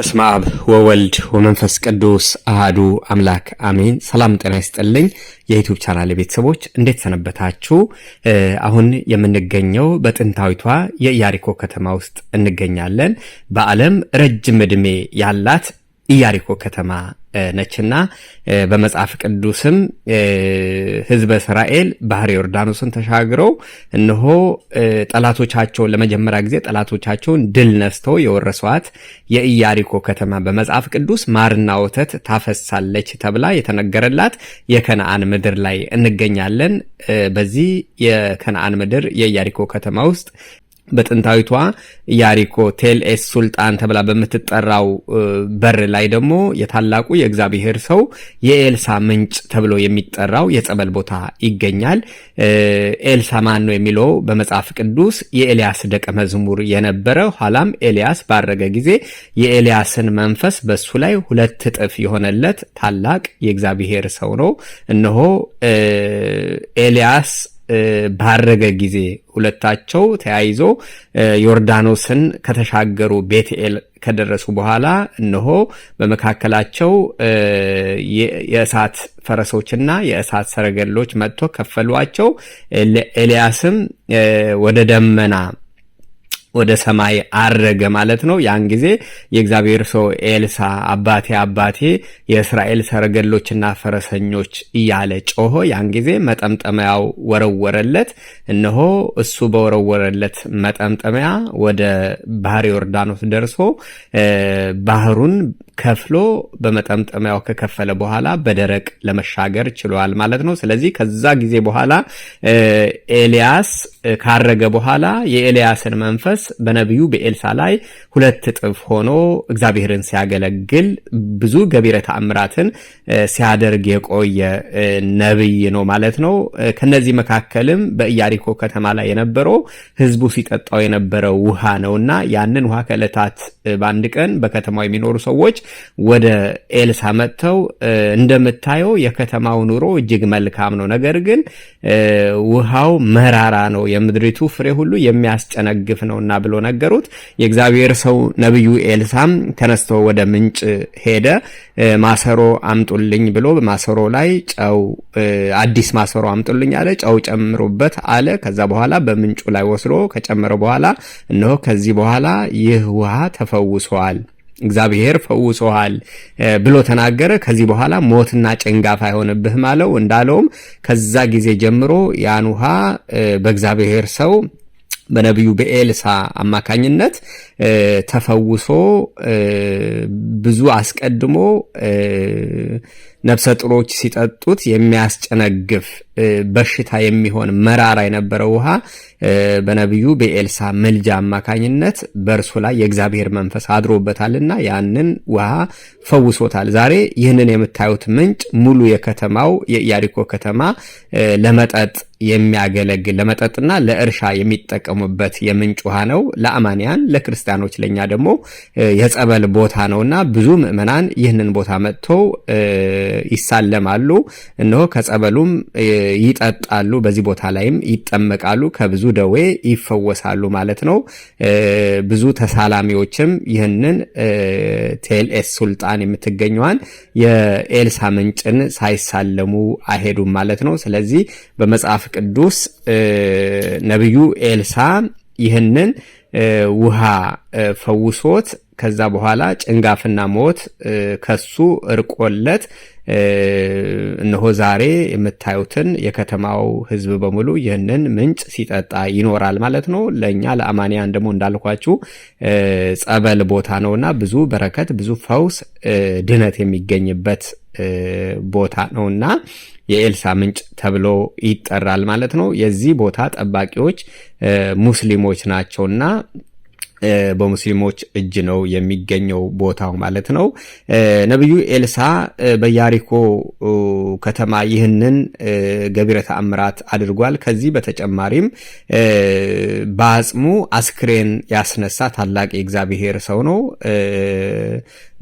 በስመ አብ ወወልድ ወመንፈስ ቅዱስ አህዱ አምላክ አሜን። ሰላም ጤና ይስጥልኝ የዩቱብ ቻናል ቤተሰቦች እንዴት ሰነበታችሁ? አሁን የምንገኘው በጥንታዊቷ የኢያሪኮ ከተማ ውስጥ እንገኛለን። በዓለም ረጅም ዕድሜ ያላት ኢያሪኮ ከተማ ነችና በመጽሐፍ ቅዱስም ሕዝበ እስራኤል ባህር ዮርዳኖስን ተሻግረው እነሆ ጠላቶቻቸውን ለመጀመሪያ ጊዜ ጠላቶቻቸውን ድል ነስተው የወረሷት የኢያሪኮ ከተማ በመጽሐፍ ቅዱስ ማርና ወተት ታፈሳለች ተብላ የተነገረላት የከነአን ምድር ላይ እንገኛለን። በዚህ የከነአን ምድር የኢያሪኮ ከተማ ውስጥ በጥንታዊቷ ያሪኮ ቴልኤስ ሱልጣን ተብላ በምትጠራው በር ላይ ደግሞ የታላቁ የእግዚአብሔር ሰው የኤልሳ ምንጭ ተብሎ የሚጠራው የጸበል ቦታ ይገኛል። ኤልሳ ማን ነው የሚለው በመጽሐፍ ቅዱስ የኤልያስ ደቀ መዝሙር የነበረ ኋላም ኤልያስ ባረገ ጊዜ የኤልያስን መንፈስ በሱ ላይ ሁለት እጥፍ የሆነለት ታላቅ የእግዚአብሔር ሰው ነው። እነሆ ኤልያስ ባረገ ጊዜ ሁለታቸው ተያይዞ ዮርዳኖስን ከተሻገሩ ቤትኤል ከደረሱ በኋላ እነሆ በመካከላቸው የእሳት ፈረሶችና የእሳት ሰረገሎች መጥቶ ከፈሏቸው። ኤልያስም ወደ ደመና ወደ ሰማይ አረገ ማለት ነው። ያን ጊዜ የእግዚአብሔር ሰው ኤልሳ አባቴ አባቴ የእስራኤል ሰረገሎችና ፈረሰኞች እያለ ጮሆ ያን ጊዜ መጠምጠሚያው ወረወረለት። እነሆ እሱ በወረወረለት መጠምጠሚያ ወደ ባህር ዮርዳኖስ ደርሶ ባህሩን ከፍሎ በመጠምጠሚያው ከከፈለ በኋላ በደረቅ ለመሻገር ችሏል ማለት ነው። ስለዚህ ከዛ ጊዜ በኋላ ኤልያስ ካረገ በኋላ የኤልያስን መንፈስ በነቢዩ በኤልሳ ላይ ሁለት እጥፍ ሆኖ እግዚአብሔርን ሲያገለግል ብዙ ገቢረ ተአምራትን ሲያደርግ የቆየ ነቢይ ነው ማለት ነው። ከነዚህ መካከልም በኢያሪኮ ከተማ ላይ የነበረው ህዝቡ ሲጠጣው የነበረው ውሃ ነውና ያንን ውሃ ከዕለታት በአንድ ቀን በከተማው የሚኖሩ ሰዎች ወደ ኤልሳ መጥተው እንደምታየው የከተማው ኑሮ እጅግ መልካም ነው፣ ነገር ግን ውሃው መራራ ነው፣ የምድሪቱ ፍሬ ሁሉ የሚያስጨነግፍ ነውና ብሎ ነገሩት። የእግዚአብሔር ሰው ነቢዩ ኤልሳም ተነስቶ ወደ ምንጭ ሄደ። ማሰሮ አምጡልኝ ብሎ ማሰሮ ላይ ጨው አዲስ ማሰሮ አምጡልኝ አለ። ጨው ጨምሩበት አለ። ከዛ በኋላ በምንጩ ላይ ወስዶ ከጨመረ በኋላ እነሆ ከዚህ በኋላ ይህ ውሃ ተፈውሷል እግዚአብሔር ፈውሶሃል ብሎ ተናገረ። ከዚህ በኋላ ሞትና ጭንጋፍ አይሆንብህም አለው። እንዳለውም ከዛ ጊዜ ጀምሮ ያን ውሃ በእግዚአብሔር ሰው በነቢዩ በኤልሳ አማካኝነት ተፈውሶ ብዙ አስቀድሞ ነፍሰ ጥሮች ሲጠጡት የሚያስጨነግፍ በሽታ የሚሆን መራራ የነበረው ውሃ በነቢዩ በኤልሳ መልጃ አማካኝነት በእርሱ ላይ የእግዚአብሔር መንፈስ አድሮበታልና ያንን ውሃ ፈውሶታል። ዛሬ ይህንን የምታዩት ምንጭ ሙሉ የከተማው የኢያሪኮ ከተማ ለመጠጥ የሚያገለግል ለመጠጥና ለእርሻ የሚጠቀሙበት የምንጭ ውሃ ነው። ለአማንያን ለክርስቲያኖች፣ ለእኛ ደግሞ የጸበል ቦታ ነውና ብዙ ምዕመናን ይህንን ቦታ መጥተው ይሳለማሉ፣ እነሆ ከጸበሉም ይጠጣሉ፣ በዚህ ቦታ ላይም ይጠመቃሉ፣ ከብዙ ደዌ ይፈወሳሉ ማለት ነው። ብዙ ተሳላሚዎችም ይህንን ቴልኤስ ሱልጣን የምትገኘዋን የኤልሳ ምንጭን ሳይሳለሙ አይሄዱም ማለት ነው። ስለዚህ በመጽሐፍ ቅዱስ ነቢዩ ኤልሳ ይህንን ውሃ ፈውሶት ከዛ በኋላ ጭንጋፍና ሞት ከሱ እርቆለት እነሆ ዛሬ የምታዩትን የከተማው ሕዝብ በሙሉ ይህንን ምንጭ ሲጠጣ ይኖራል ማለት ነው። ለእኛ ለአማንያን ደግሞ እንዳልኳችሁ ጸበል ቦታ ነውና ብዙ በረከት፣ ብዙ ፈውስ፣ ድነት የሚገኝበት ቦታ ነውና የኤልሳ ምንጭ ተብሎ ይጠራል ማለት ነው። የዚህ ቦታ ጠባቂዎች ሙስሊሞች ናቸውና በሙስሊሞች እጅ ነው የሚገኘው ቦታው ማለት ነው። ነቢዩ ኤልሳ በያሪኮ ከተማ ይህንን ገቢረ ተአምራት አድርጓል። ከዚህ በተጨማሪም በአጽሙ አስክሬን ያስነሳ ታላቅ የእግዚአብሔር ሰው ነው።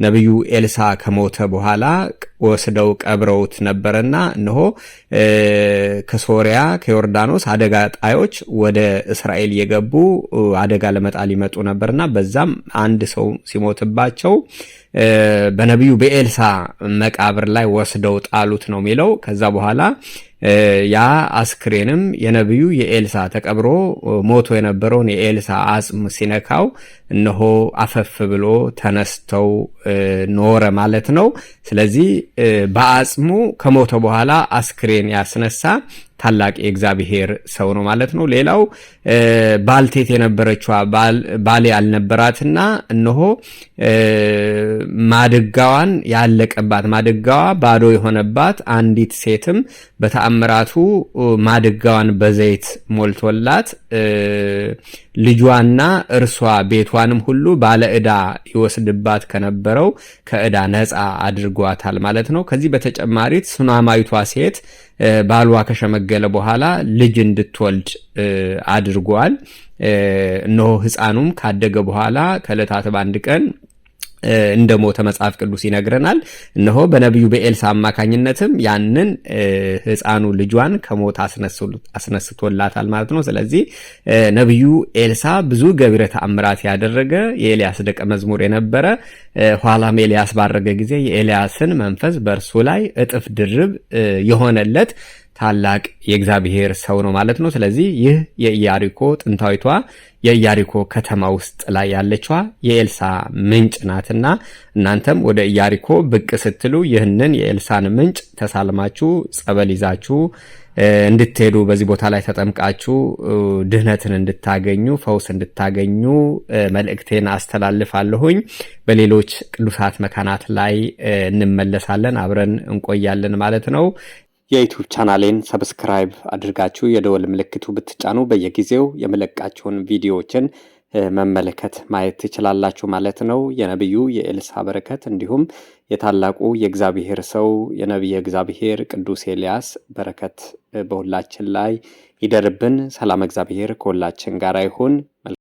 ነቢዩ ኤልሳ ከሞተ በኋላ ወስደው ቀብረውት ነበረና እንሆ ከሶሪያ ከዮርዳኖስ አደጋ ጣዮች ወደ እስራኤል የገቡ አደጋ ለመጣል ይመጡ ነበርና በዛም አንድ ሰው ሲሞትባቸው በነቢዩ በኤልሳ መቃብር ላይ ወስደው ጣሉት ነው የሚለው። ከዛ በኋላ ያ አስክሬንም የነቢዩ የኤልሳ ተቀብሮ ሞቶ የነበረውን የኤልሳ አጽም ሲነካው እነሆ አፈፍ ብሎ ተነስተው ኖረ ማለት ነው። ስለዚህ በአጽሙ ከሞተ በኋላ አስክሬን ያስነሳ ታላቅ የእግዚአብሔር ሰው ነው ማለት ነው። ሌላው ባልቴት የነበረችዋ ባሌ አልነበራትና እነሆ ማድጋዋን ያለቀባት ማድጋዋ ባዶ የሆነባት አንዲት ሴትም በተአምራቱ ማድጋዋን በዘይት ሞልቶላት ልጇና እርሷ ቤቷንም ሁሉ ባለ ዕዳ ይወስድባት ከነበረው ከዕዳ ነፃ አድርጓታል ማለት ነው። ከዚህ በተጨማሪት ሱናማዊቷ ሴት ባሏ ከሸመገለ በኋላ ልጅ እንድትወልድ አድርጓል። እነሆ ሕፃኑም ካደገ በኋላ ከዕለታት በአንድ ቀን እንደ ሞተ መጽሐፍ ቅዱስ ይነግረናል። እነሆ በነቢዩ በኤልሳ አማካኝነትም ያንን ሕፃኑ ልጇን ከሞት አስነስቶላታል ማለት ነው። ስለዚህ ነቢዩ ኤልሳ ብዙ ገቢረ ተአምራት ያደረገ የኤልያስ ደቀ መዝሙር የነበረ ኋላም ኤልያስ ባረገ ጊዜ የኤልያስን መንፈስ በእርሱ ላይ እጥፍ ድርብ የሆነለት ታላቅ የእግዚአብሔር ሰው ነው ማለት ነው። ስለዚህ ይህ የኢያሪኮ ጥንታዊቷ የኢያሪኮ ከተማ ውስጥ ላይ ያለችዋ የኤልሳ ምንጭ ናትና እናንተም ወደ ኢያሪኮ ብቅ ስትሉ ይህንን የኤልሳን ምንጭ ተሳልማችሁ ጸበል ይዛችሁ እንድትሄዱ በዚህ ቦታ ላይ ተጠምቃችሁ ድህነትን እንድታገኙ ፈውስ እንድታገኙ መልእክቴን አስተላልፋለሁኝ። በሌሎች ቅዱሳት መካናት ላይ እንመለሳለን፣ አብረን እንቆያለን ማለት ነው። የዩቱብ ቻናሌን ሰብስክራይብ አድርጋችሁ የደወል ምልክቱ ብትጫኑ በየጊዜው የምለቃቸውን ቪዲዮዎችን መመልከት ማየት ትችላላችሁ ማለት ነው። የነቢዩ የኤልሳ በረከት እንዲሁም የታላቁ የእግዚአብሔር ሰው የነቢየ እግዚአብሔር ቅዱስ ኤልያስ በረከት በሁላችን ላይ ይደርብን። ሰላም እግዚአብሔር ከሁላችን ጋር ይሁን።